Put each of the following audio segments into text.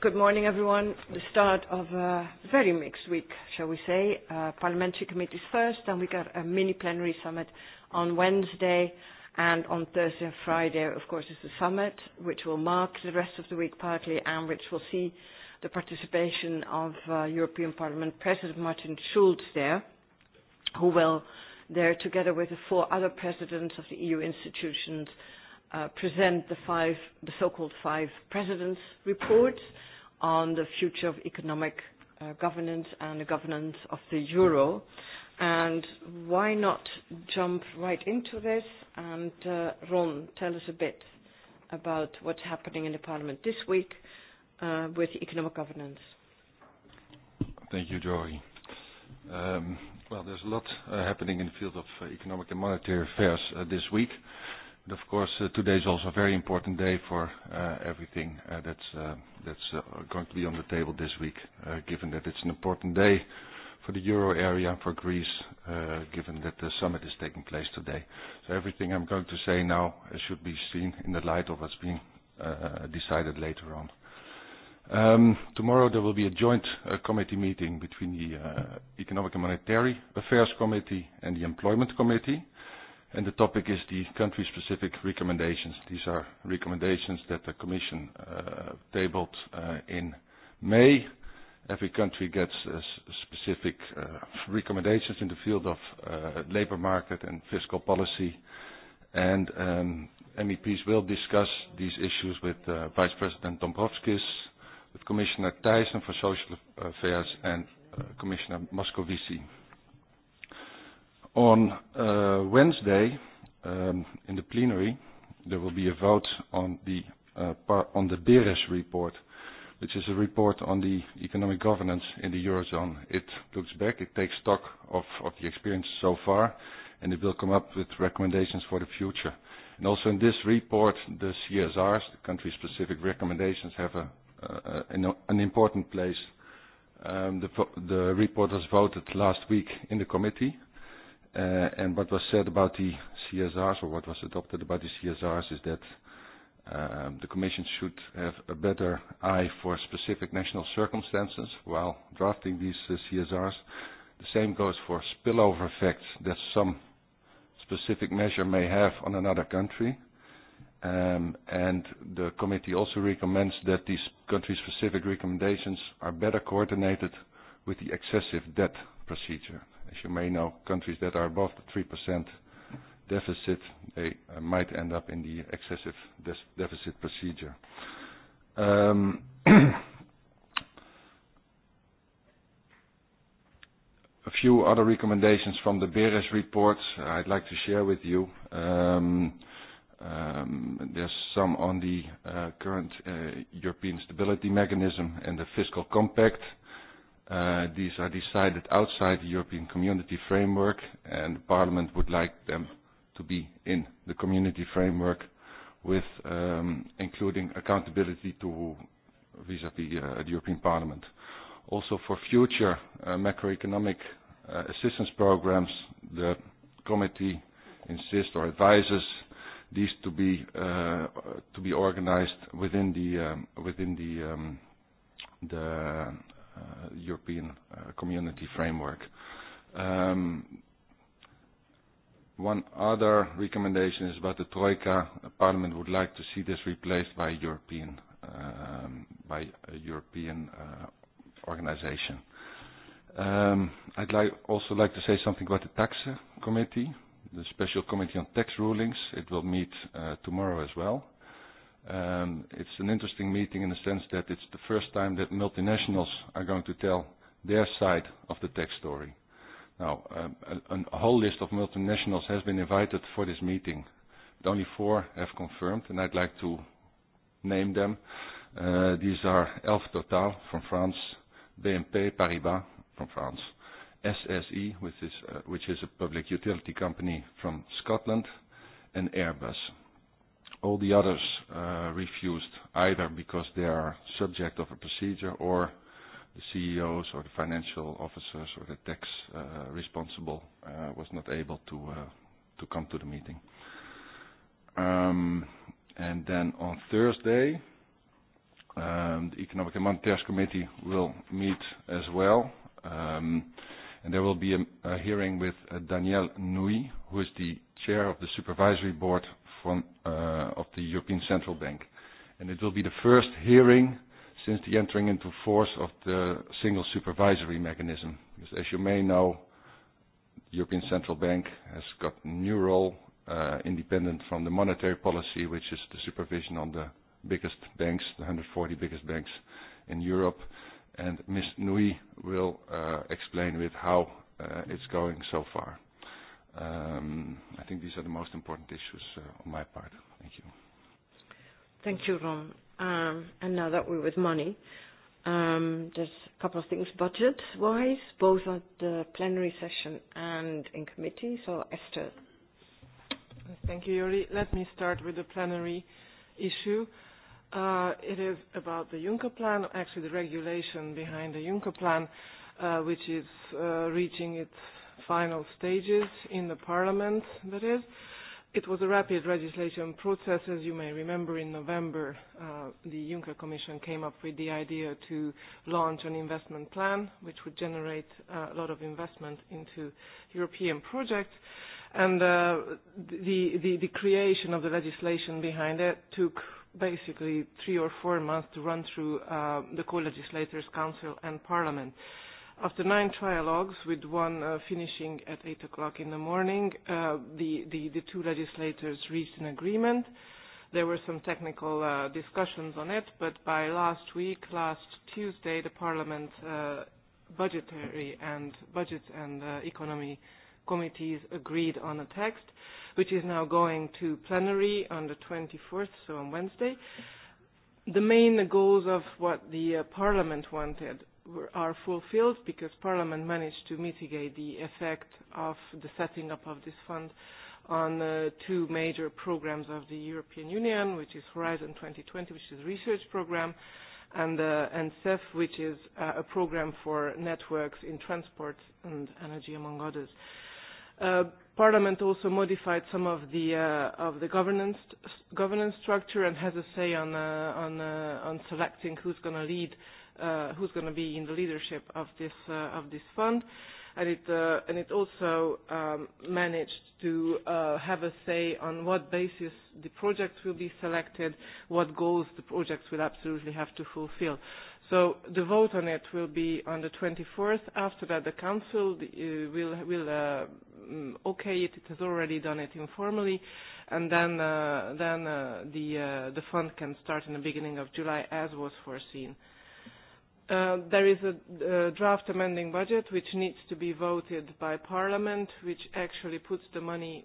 Good morning, everyone. The start of a very mixed week, shall we say. Parliamentary committees first, and we got a mini plenary summit on Wednesday, and on Thursday and Friday, of course, is the summit, which will mark the rest of the week partly, and which will see the participation of European Parliament President Martin Schulz there, who will there, together with the four other presidents of the EU institutions, present the five the so-called five presidents reports on the future of economic governance and the governance of the euro and why not jump right into this and Ron tell us a bit about what's happening in the parliament this week with economic governance thank you Joey. um well there's a lot happening in the field of economic and monetary affairs this week Of course, today is also a very important day for everything that's that's going to be on the table this week, given that it's an important day for the euro area, for Greece, given that the summit is taking place today. So everything I'm going to say now should be seen in the light of what's being decided later on. Um, tomorrow there will be a joint committee meeting between the Economic and Monetary Affairs Committee and the Employment Committee. And the topic is the country-specific recommendations. These are recommendations that the Commission tabled in May. Every country gets specific recommendations in the field of labor market and fiscal policy. And MEPs will discuss these issues with Vice President Dombrovskis, with Commissioner Thyssen for Social Affairs and Commissioner Moscovici. On Wednesday, in the plenary, there will be a vote on the on Beres report, which is a report on the economic governance in the eurozone. It looks back, it takes stock of the experience so far, and it will come up with recommendations for the future. And also in this report, the CSRs, the country-specific recommendations, have an important place. The report was voted last week in the committee. And what was said about the CSRs, or what was adopted about the CSRs, is that the Commission should have a better eye for specific national circumstances while drafting these CSRs. The same goes for spillover effects that some specific measure may have on another country. And the committee also recommends that these country-specific recommendations are better coordinated with the excessive debt procedure. As you may know, countries that are above the 3% deficit, they might end up in the excessive deficit procedure. a few other recommendations from the Beres reports I'd like to share with you. there's some on the current European Stability Mechanism and the Fiscal Compact. These are decided outside the European Community framework, and Parliament would like them to be in the Community framework, with including accountability to vis-à-vis the European Parliament. Also, for future macroeconomic assistance programs, the Committee insists or advises these to be to be organized within the within the the European community framework. One other recommendation is about the Troika. Parliament would like to see this replaced by a European by a European organization. I'd like also like to say something about the tax committee, the special committee on tax rulings. It will meet tomorrow as well. It's an interesting meeting in the sense that it's the first time that multinationals are going to tell their side of the tech story. Now, a whole list of multinationals has been invited for this meeting, but only four have confirmed, and I'd like to name them. These are Elf Total from France, BNP Paribas from France, SSE, which is a public utility company from Scotland, and Airbus All the others uh refused either because they are subject of a procedure or the CEOs or the financial officers or the tax responsible was not able to to come to the meeting. Um, and then on Thursday, um, the Economic and Monetary Committee will meet as well. Um, and there will be a, a hearing with Daniel Nui, who is the chair of the Supervisory Board from of the European Central Bank. And it will be the first hearing since the entering into force of the single supervisory mechanism. as you may know, the European Central Bank has got a new role independent from the monetary policy, which is the supervision on the biggest banks, the 140 biggest banks in Europe. And Ms. Nui will explain with how it's going so far. I think these are the most important issues on my part. Thank you. Thank you, Ron. And now that we're with money, there's a couple of things budget-wise, both at the plenary session and in committee. So, Esther. Thank you, Yuri. Let me start with the plenary issue. Uh It is about the Juncker Plan, actually the regulation behind the Juncker Plan, uh which is reaching its final stages in the Parliament, that is. It was a rapid legislation process. As you may remember, in November, the Juncker Commission came up with the idea to launch an investment plan, which would generate a lot of investment into European projects. And the creation of the legislation behind it took basically three or four months to run through the co-legislators, Council and Parliament. After nine trialogues, with one finishing at 8 o'clock in the morning, the two legislators reached an agreement. There were some technical discussions on it, but by last week, last Tuesday, the Parliament budgetary and budget and economy committees agreed on a text, which is now going to plenary on the 24th, so on Wednesday. The main goals of what the Parliament wanted are fulfilled because Parliament managed to mitigate the effect of the setting up of this fund on two major programs of the European Union, which is Horizon 2020, which is a research program, and CEF, which is a program for networks in transport and energy, among others. Parliament also modified some of the of the governance governance structure and has a say on on on selecting who's going to lead who's going to be in the leadership of this of this fund and it and it also managed to have a say on what basis the projects will be selected what goals the projects will absolutely have to fulfil. so the vote on it will be on the 24th after that the council will will okay it it has already done it informally and then then the the fund can start in the beginning of July as was foreseen There is a draft amending budget which needs to be voted by Parliament, which actually puts the money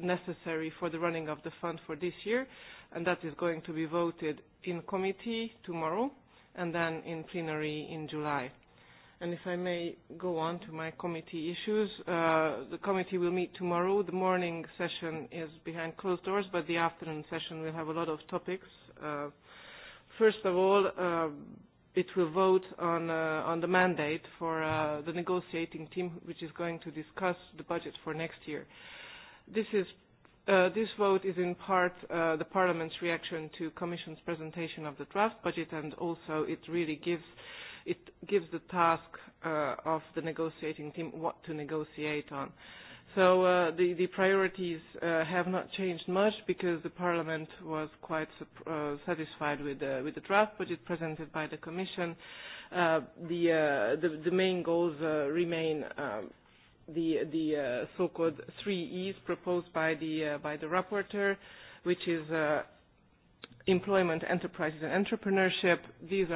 necessary for the running of the fund for this year, and that is going to be voted in committee tomorrow and then in plenary in July. And if I may go on to my committee issues, the committee will meet tomorrow. The morning session is behind closed doors, but the afternoon session will have a lot of topics. First of all, it will vote on on the mandate for the negotiating team which is going to discuss the budget for next year. This is this vote is in part the Parliament's reaction to Commission's presentation of the draft budget and also it really gives it gives the task of the negotiating team what to negotiate on. So the the priorities have not changed much because the Parliament was quite satisfied with the with the draft budget presented by the Commission. The main goals remain the so-called three E's proposed by the rapporteur, which is employment, enterprises and entrepreneurship. These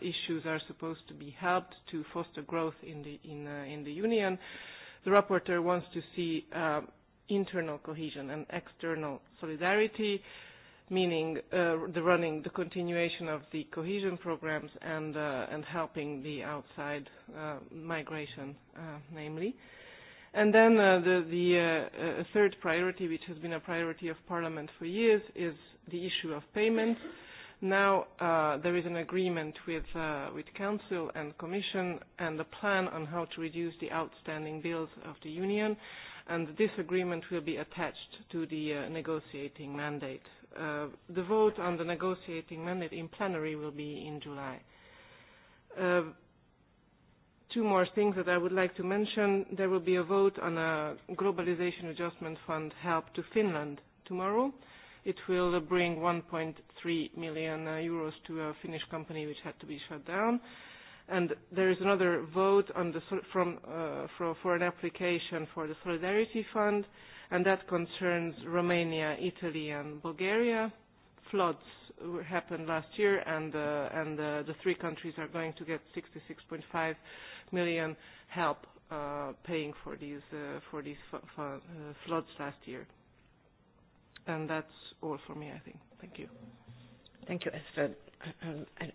issues are supposed to be helped to foster growth in in the Union. The rapporteur wants to see internal cohesion and external solidarity, meaning the running, the continuation of the cohesion programs and and helping the outside migration, namely. And then the the third priority, which has been a priority of Parliament for years, is the issue of payments. Now there is an agreement with with Council and Commission and a plan on how to reduce the outstanding bills of the Union, and this agreement will be attached to the negotiating mandate. The vote on the negotiating mandate in plenary will be in July. Two more things that I would like to mention. There will be a vote on a Globalization Adjustment Fund help to Finland tomorrow It will bring 1.3 million euros to a Finnish company which had to be shut down. And there is another vote for an application for the Solidarity Fund, and that concerns Romania, Italy, and Bulgaria. Floods happened last year, and the three countries are going to get 66.5 million help paying for these floods last year. And that's all for me, I think. Thank you. Thank you, Esther.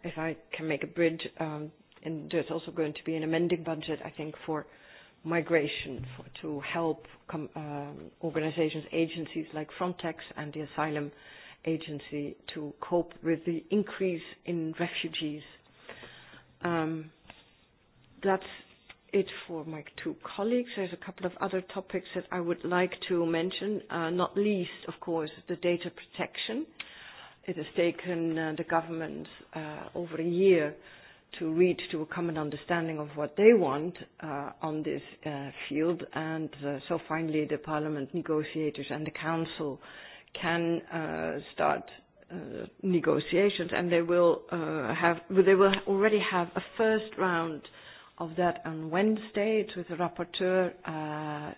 If I can make a bridge, um, and there's also going to be an amending budget, I think, for migration to help com, um, organizations, agencies like Frontex and the Asylum Agency to cope with the increase in refugees. that's it for my two colleagues. There's a couple of other topics that I would like to mention, not least, of course, the data protection. It has taken the government over a year to reach to a common understanding of what they want on this field, and so finally the Parliament negotiators and the Council can start negotiations, and they will have they will already have a first round of that on Wednesday. It's with the rapporteur uh,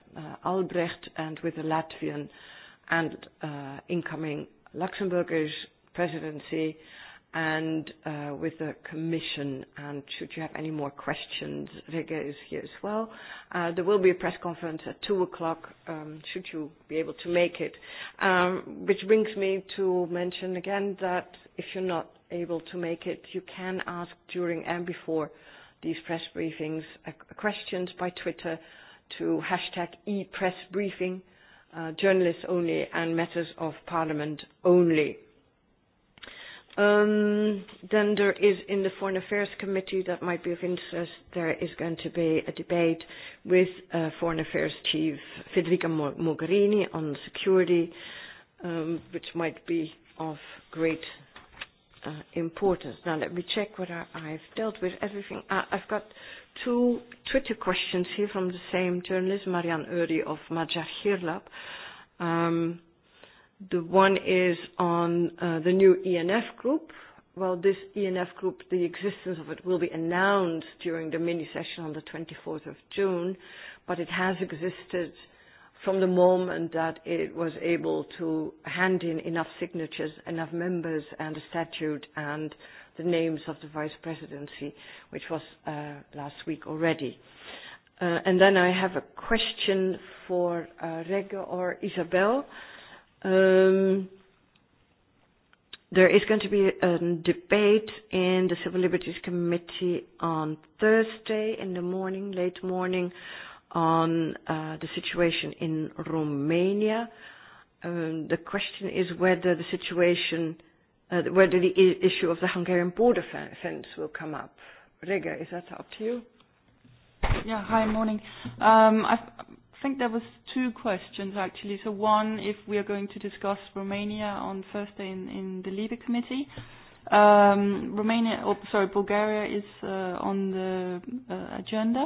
Albrecht and with the Latvian and uh, incoming Luxembourgish presidency and uh, with the Commission. And should you have any more questions, Rege is here as well. Uh, there will be a press conference at two o'clock, um, should you be able to make it. Um, which brings me to mention again that if you're not able to make it, you can ask during and before these press briefings, questions by Twitter to hashtag ePressBriefing, journalists only and matters of parliament only. Then there is in the Foreign Affairs Committee that might be of interest, there is going to be a debate with Foreign Affairs Chief Federica Mogherini on security, which might be of great importance. Now let me check whether I've dealt with everything. I've got two Twitter questions here from the same journalist, Marianne Uri of Majar Hirlab. Um, the one is on the new ENF group. Well, this ENF group, the existence of it will be announced during the mini session on the 24th of June, but it has existed from the moment that it was able to hand in enough signatures, enough members and a statute and the names of the vice presidency, which was last week already. And then I have a question for Rega or Isabel. There is going to be a debate in the Civil Liberties Committee on Thursday in the morning, late morning, on the situation in Romania. The question is whether the situation, whether the issue of the Hungarian border fence will come up. Rega, is that up to you? Yeah. Hi, morning. I think there was two questions actually. So one, if we are going to discuss Romania on Thursday in in the Libe committee. Um Romania, oh sorry, Bulgaria is on the agenda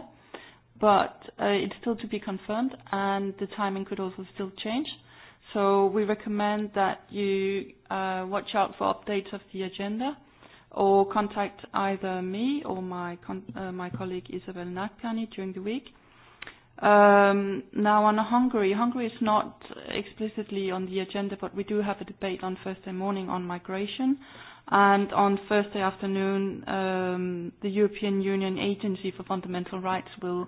but it's still to be confirmed, and the timing could also still change. So we recommend that you watch out for updates of the agenda or contact either me or my my colleague Isabel Nakpani during the week. now on Hungary, Hungary is not explicitly on the agenda, but we do have a debate on Thursday morning on migration. And on Thursday afternoon, um, the European Union Agency for Fundamental Rights will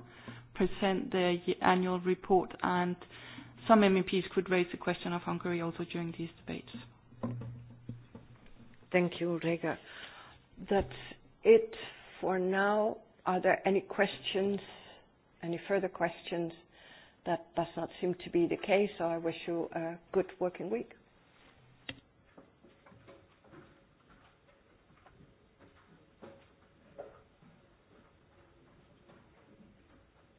present their annual report, and some MEPs could raise the question of Hungary also during these debates. Thank you, Rega. That's it for now. Are there any questions, any further questions? That does not seem to be the case, so I wish you a good working week.